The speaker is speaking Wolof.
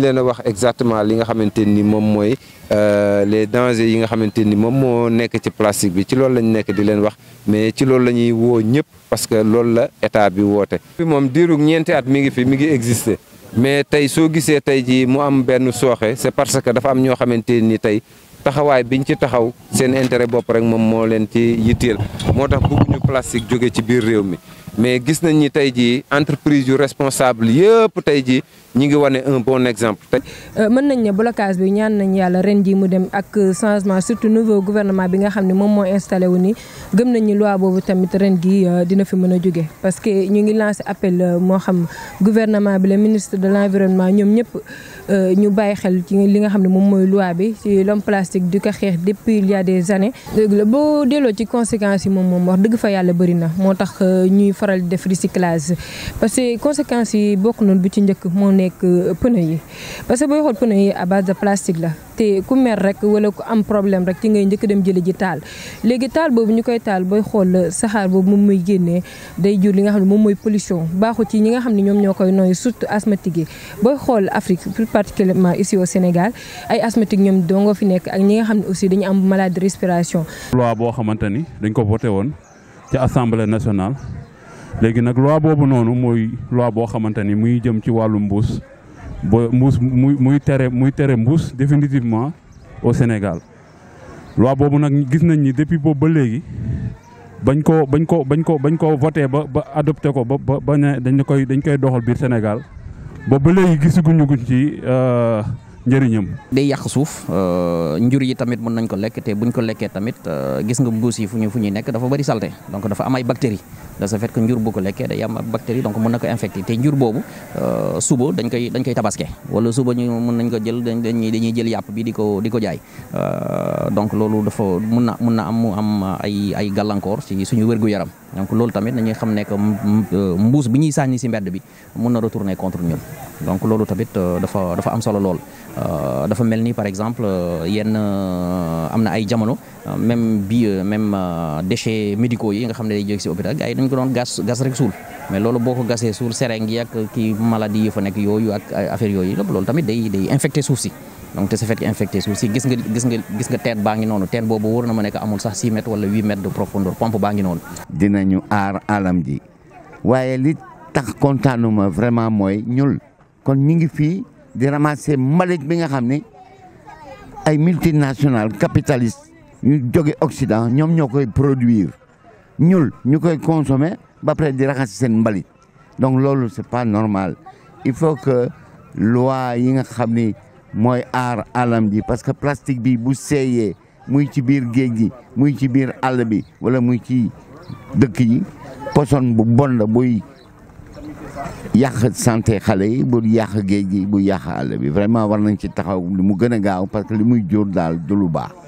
leen a wax exactement li nga xamante ni moom mooy euh, les dangers yi nga xamante ni moom moo nekk ci plastique bi ci loolu lañ nekk di leen wax mais ci loolu la ñuy woo ñëpp parce que loolu la état bi woote. bi moom diiru ñeenti at mi ngi fi mi ngi existé mais tey soo gisee tey jii mu am benn sooxe c'est parce que dafa am ñoo xamante ni tey taxawaay biñ ci taxaw seen intérêt bopp rek moom moo leen ci yitteel moo tax bëgguñu plastique jóge ci biir réew mi. mais gis nañ ni tey jii entreprise yu responsable yëpp tey jii ñu ngi wane un bon exemple. Euh, mën nañ ne blocage bi ñaan nañ yàlla ren jii mu dem ak euh, changement surtout nouveau gouvernement bi nga xam ne moom mooy installé wu ni gëm nañ ni boobu tamit ren jii euh, dina fi mën a jóge parce que ñu ngi lancé appel moo xam gouvernement bi le ministre de l' environnement ñoom ñëpp ñu bàyyi xel ci li nga xam ne moom mooy loi bi ci l'homme plastique di ko xeex depuis il des années. dëgg boo delloo ci conséquences yi moom moom wax dëgg fa yàlla bëri na moo tax faral di def recyclage parce que conséquences yi bokk noonu bu ci njëkk moo nekk euh, pneu yi parce que booy xool pneu yi à base de plastique la te ku mer rek wala ku am problème rek ci ngay njëkk dem jëli ji taal léegi taal boobu ñu koy taal booy xool euh, saxaar boobu moom mooy génnee day jur li nga xam ne moom mooy pollution baaxu ci ñi nga xam ne ñoom ñoo koy nooyu surtout asthmatique yi booy xool Afrique plus particulièrement ici au Sénégal ay asthmatique ñoom doo fi nekk ak ñi nga xam ne aussi dañu am maladie respiration boo xamante ni dañ ko voté woon ci assemblée nationale léegi nag loi boobu noonu mooy loi boo xamante ni muy jëm ci wàllu mbuus ba mbuus muy muy tere muy tere mbuus définitivement au Sénégal loi boobu nag gis nañ ni depuis boobu ba léegi bañ ko bañ ko bañ ko bañ ko voté ba ba adopté ko ba ba ne dañ koy dañ koy doxal biir Sénégal boobu ba léegi gisaguñu ko ci. Euh, njëriñam. day yàq suuf euh, njur yi tamit mën nañ ko lekk te buñ ko lekkee tamit euh, gis nga mbuus yi fu ñu fu ñuy nekk dafa bëri salté donc dafa am ay bactéries de ce fait njur bu ko lekkee day am bactéries donc mën na ko infecté te njur boobu euh, suba dañ koy dañ koy tabaske wala suba ñu mën nañ ko jël dañuy dañuy jël yàpp bi di ko di ko jaay donc loolu dafa mën na mën na am mu am ay ay gàllankoor ci suñu wér-gu-yaram. donc loolu tamit nañuy xam ne que euh, mbuus bi ñu sànni si mbedd bi mun na retourner contre ñun donc loolu tamit euh, dafa dafa am solo lool euh, dafa mel ni par exemple yenn am na ay jamono même bi même déchets médicaux yi nga xam ne day jóge si hôpital gars yi dañ ko doon gas gas rek suul mais loolu boo ko gasee suul seringue yi ak kii maladie yi fa nekk yooyu ak affaire yooyu loolu tamit day day infecté suuf si donc te su fekkee infecté suuf si gis nga gis nga gis nga teen baa ngi noonu teen boobu wóor na ma nekk amul sax 6 mètres wala 8 mètres de profondeur pompe baa ngi noonu. dinañu aar alam ji waaye li tax kontaanuma vraiment mooy ñul kon ñu ngi fii di ramasser mbalit bi nga xam ni ay multinationales capitalistes ñu jóge Occident ñoom ñoo koy produire ñul ba pare di raxas seen mbalit donc loolu c'est pas normal il faut que loi yi nga xam ni mooy aar alam ji parce que plastique bi bu seeyee muy ci biir géej gi muy ci biir àll bi wala muy ci dëkk yi poson bu bon la buy yàq santé xale yi bu yàq géej gi bu yàq àll bi vraiment war nañ ci taxaw li mu gën a gaaw parce que li muy jur daal du baa